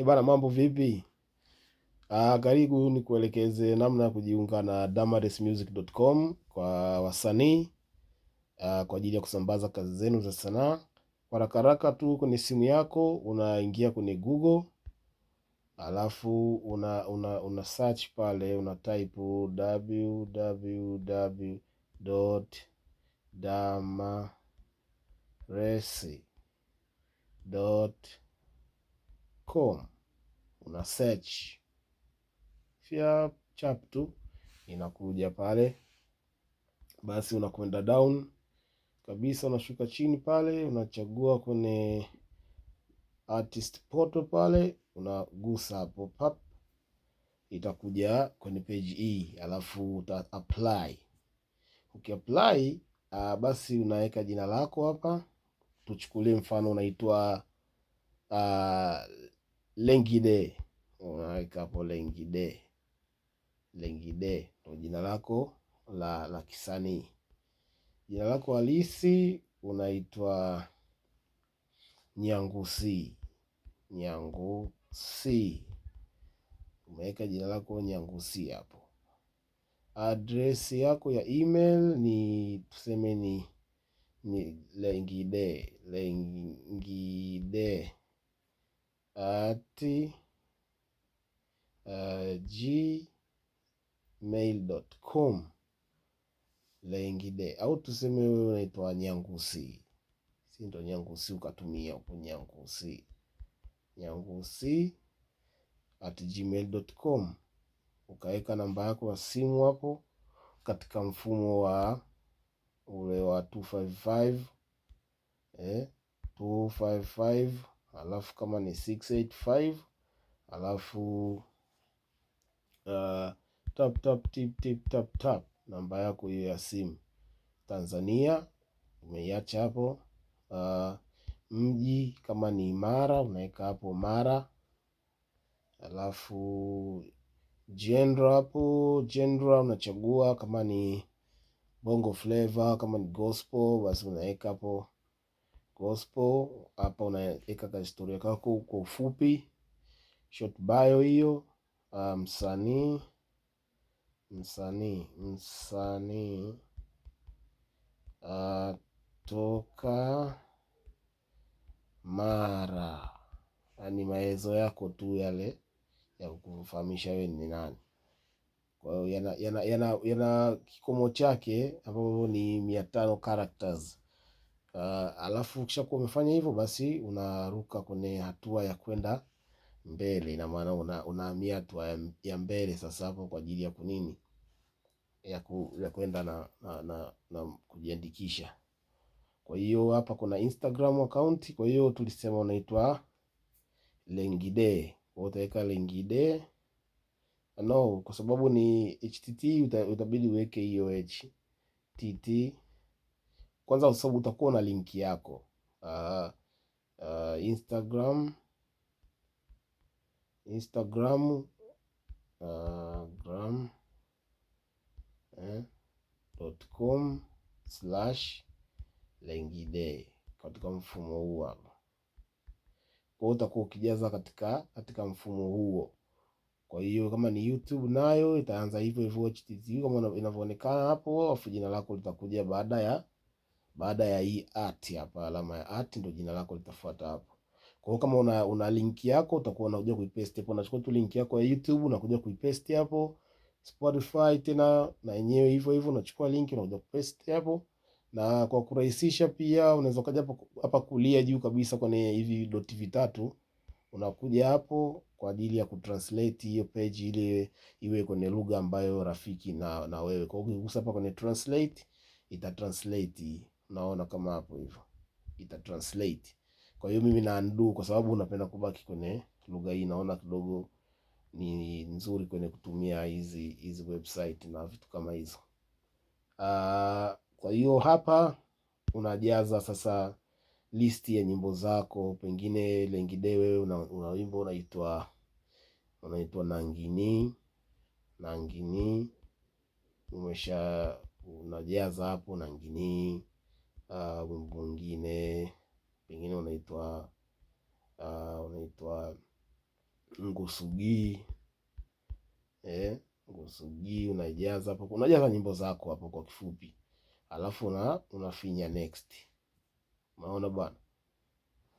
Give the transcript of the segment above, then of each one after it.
E bana, mambo vipi? Ah, karibu nikuelekeze namna ya kujiunga na damaresmusic.com kwa wasanii ah, kwa ajili ya kusambaza kazi zenu za sanaa. Kwa haraka haraka tu kwenye simu yako unaingia kwenye Google, alafu una, una, una search pale una type www.damaresi.com com una search fia chap tu inakuja pale, basi unakwenda down kabisa, unashuka chini pale, unachagua kwenye artist portal pale, unagusa hapo pap, itakuja kwenye page hii, e, alafu uta apply. Ukiapply uh, ah, basi unaweka jina lako hapa, tuchukulie mfano unaitwa uh, Lengide, unaweka hapo Lengide. Lengide ndo jina lako la, la kisanii. Jina lako halisi unaitwa Nyangusi. Nyangusi, umeweka jina lako Nyangusi hapo. Adresi yako ya email ni tuseme ni, ni lengide lengide at uh, gmail.com laingide, au tuseme wewe unaitwa Nyangusi, si ndo Nyangusi, ukatumia huko Nyangusi, Nyangusi at gmail.com ukaweka namba yako ya simu hapo katika mfumo wa ule wa 255 eh, 255 alafu kama ni 685 alafu uh, tap tap tip tip tap tap namba yako hiyo ya simu Tanzania umeiacha hapo. Uh, mji kama ni Mara unaweka hapo Mara, alafu genre hapo genre unachagua kama ni bongo flavor, kama ni gospel, basi unaweka hapo gospel. Hapa unaweka ka historia kako kwa ufupi, short bio hiyo. Uh, msanii msanii msanii uh, toka Mara, ni yaani maelezo yako tu yale ya kukufahamisha wewe ni nani. Kwa hiyo yana, yana, yana, yana kikomo chake ambapo ni mia tano characters. Uh, alafu ukishakuwa umefanya hivyo basi unaruka kwenye hatua ya kwenda mbele, ina maana una, unahamia hatua ya mbele sasa hapo kwa ajili ya kunini ya, ku, ya kwenda na, na, na, na kujiandikisha. Kwa hiyo hapa kuna Instagram account, kwa hiyo tulisema unaitwa Lengide, kwa utaweka Lengide no, kwa sababu ni htt, utabidi uweke hiyo http kwanza, kwa sababu utakuwa na link yako uh, uh, Instagram Instagram uh, gram eh, .com slash lengide katika mfumo huu hapa. Kwa hiyo utakuwa ukijaza katika katika mfumo huo. Kwa hiyo kama ni YouTube nayo itaanza hivyo hivyo, http kama inavyoonekana hapo, afu jina lako litakuja baada ya baada ya hii at hapa, alama ya at ndio jina lako litafuata hapo. Kwa hiyo kama una, una link yako utakuwa unakuja kuipaste hapo, unachukua tu link yako ya YouTube unakuja kuipaste hapo. Spotify tena na yenyewe hivyo hivyo, unachukua link unakuja kupaste hapo. Na kwa kurahisisha pia unaweza ukaja hapa kulia juu kabisa kwenye hivi dot vitatu, unakuja hapo kwa ajili ya kutranslate hiyo page ile iwe kwenye lugha ambayo rafiki na, na wewe. Kwa hiyo ukigusa hapa kwenye translate itatranslate hii naona kama hapo hivyo ita translate. Kwa hiyo mimi na undo, kwa sababu unapenda kubaki kwenye lugha hii, naona kidogo ni nzuri kwenye kutumia hizi hizi website na vitu kama hizo. Uh, kwa hiyo hapa unajaza sasa listi ya nyimbo zako, pengine lengide wewe una, una wimbo unaitwa unaitwa nangini nangini, umesha unajaza hapo nangini uh, wimbo mwingine pengine unaitwa uh, unaitwa Ngusugii eh, Ngusugii unajaza hapo, unajaza nyimbo zako hapo kwa kifupi, alafu una unafinya next. Unaona bwana,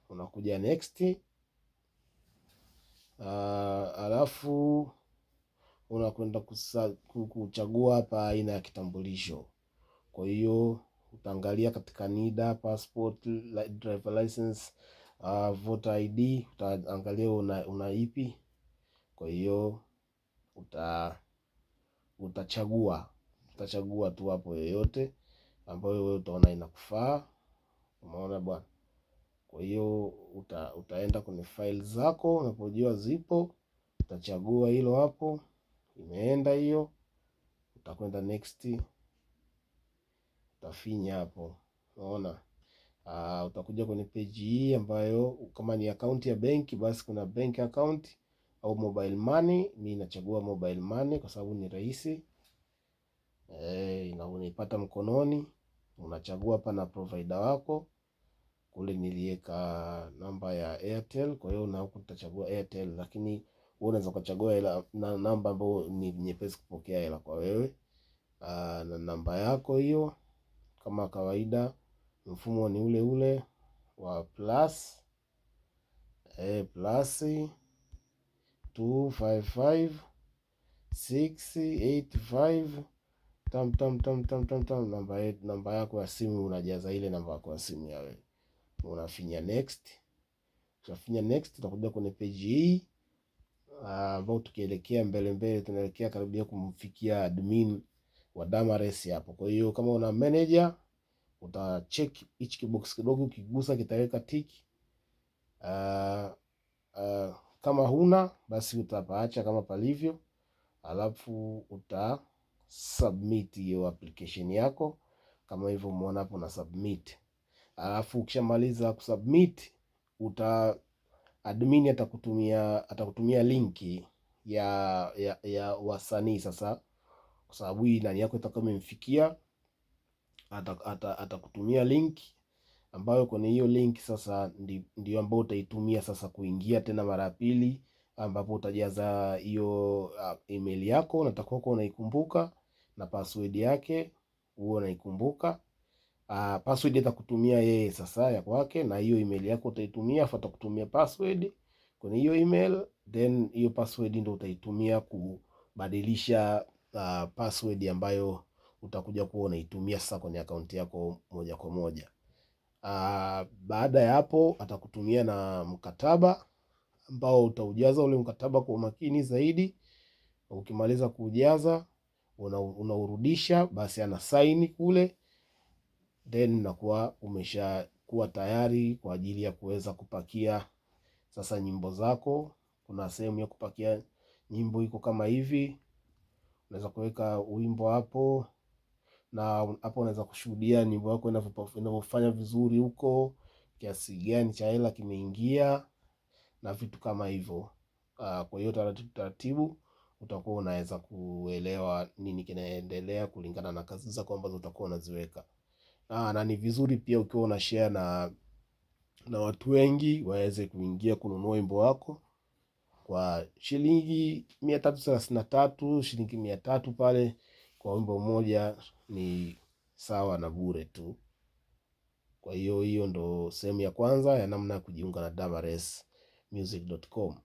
unakuja next uh, alafu unakwenda kuchagua hapa aina ya kitambulisho, kwa hiyo utaangalia katika NIDA, passport, driver license, uh, voter ID, utaangalia una, una ipi. Kwa hiyo uta utachagua utachagua tu hapo yoyote ambayo wewe utaona inakufaa. Umeona bwana. Kwa hiyo uta, utaenda kwenye file zako unapojua zipo, utachagua hilo hapo, imeenda hiyo, utakwenda next utafinya hapo, unaona. Uh, utakuja kwenye page hii ambayo kama ni account ya benki basi kuna bank account au mobile money. Mimi nachagua mobile money kwa sababu ni rahisi eh, na unaipata mkononi. Unachagua hapa na provider wako, kule niliweka namba ya Airtel, kwa hiyo na huko utachagua Airtel, lakini wewe unaweza kuchagua hela na namba ambayo ni nyepesi kupokea hela kwa wewe. Uh, na namba yako hiyo kama kawaida, mfumo ni ule ule wa plus e, plus 255 685 tam tam tam tam tam tam namba yetu, namba yako ya simu unajaza ile namba yako ya simu ya wewe, unafinya next. Ukishafinya next, utakuja kwenye page hii ah, ambao, uh, tukielekea mbele mbele, tunaelekea karibia kumfikia admin wa Damares hapo. Kwa hiyo kama una manager check hichi kibox kidogo, ukigusa kitaweka tick. Uh, uh, kama huna basi utapaacha kama palivyo, alafu uta submit hiyo application yako kama hivyo umeona hapo na submit. Alafu ukishamaliza kusubmit uta admin atakutumia atakutumia linki ya, ya, ya wasanii sasa kwa sababu hii nani yako itakuwa imemfikia, atakutumia link ambayo kwenye hiyo link sasa ndio ambayo utaitumia sasa kuingia tena mara ya pili, ambapo utajaza hiyo ah, email yako unatakiwa kuwa unaikumbuka na password yake huo unaikumbuka. Uh, password atakutumia yeye sasa ya kwake, na hiyo email yako utaitumia, afa atakutumia password kwenye hiyo email, then hiyo password ndio utaitumia kubadilisha uh, password ambayo utakuja kuwa unaitumia sasa kwenye akaunti yako moja kwa moja. Uh, baada ya hapo atakutumia na mkataba ambao utaujaza ule mkataba kwa umakini zaidi. Ukimaliza kuujaza unaurudisha, una basi ana saini kule, then nakuwa kuwa tayari kwa ajili ya kuweza kupakia sasa nyimbo zako. Kuna sehemu ya kupakia nyimbo iko kama hivi unaweza kuweka wimbo hapo, na hapo unaweza kushuhudia nyimbo yako inavyofanya vizuri huko, kiasi gani cha hela kimeingia na vitu kama hivyo. Ah, kwa hiyo taratibu taratibu utakuwa unaweza kuelewa nini kinaendelea kulingana na kazi zako ambazo utakuwa unaziweka. Aa, na ni vizuri pia ukiwa una share na, na watu wengi waweze kuingia kununua wimbo wako kwa shilingi mia tatu thelathini na tatu shilingi mia tatu pale kwa wimbo mmoja ni sawa na bure tu. Kwa hiyo hiyo ndo sehemu ya kwanza ya namna ya kujiunga na Davares music.com.